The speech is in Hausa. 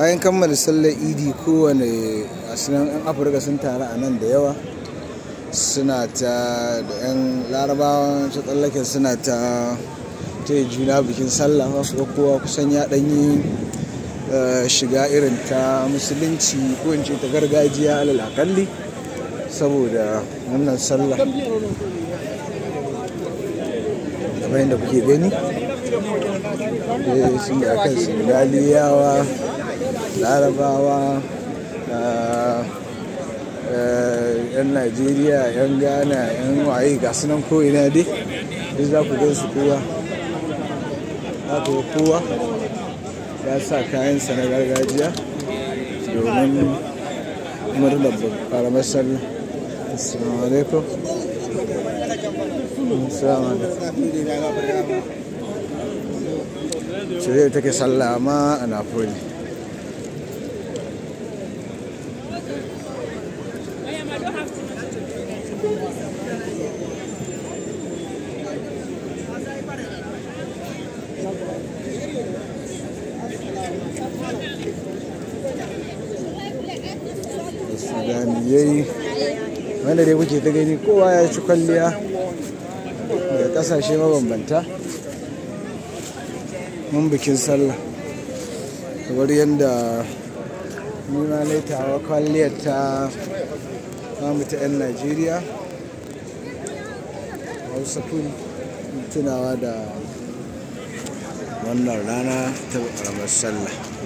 bayan kammala sallar idi kowane asinan 'yan afirka sun taru a nan da yawa suna ta da 'yan larabawa su tsallake suna ta ta juna bikin sallah wasu kowa kusan ya ɗanyi eh, shiga irin ta musulunci kowace ta gargajiya alal akalli saboda wannan sallah kamar da kuke gani eh, sun da akan galiyawa larabawa yan najeriya yan ghana yan waye ga ko ko'ina dai duk za ku gan su kowa za ku kowa ya sa kayansa na gargajiya domin murnar karamar sallu assalamu alaikum assalamu alaikum shirya take sallama a napoli sudaniyai wanda dai kuke ta gani kowa ya ci kwalliya daga kasashe mabambanta mun bikin sallah kamar yadda ni laita laitawa kwalliyar ta namu ta 'yan najeriya hausa kun tunawa da wannan rana ta ƙaramar sallah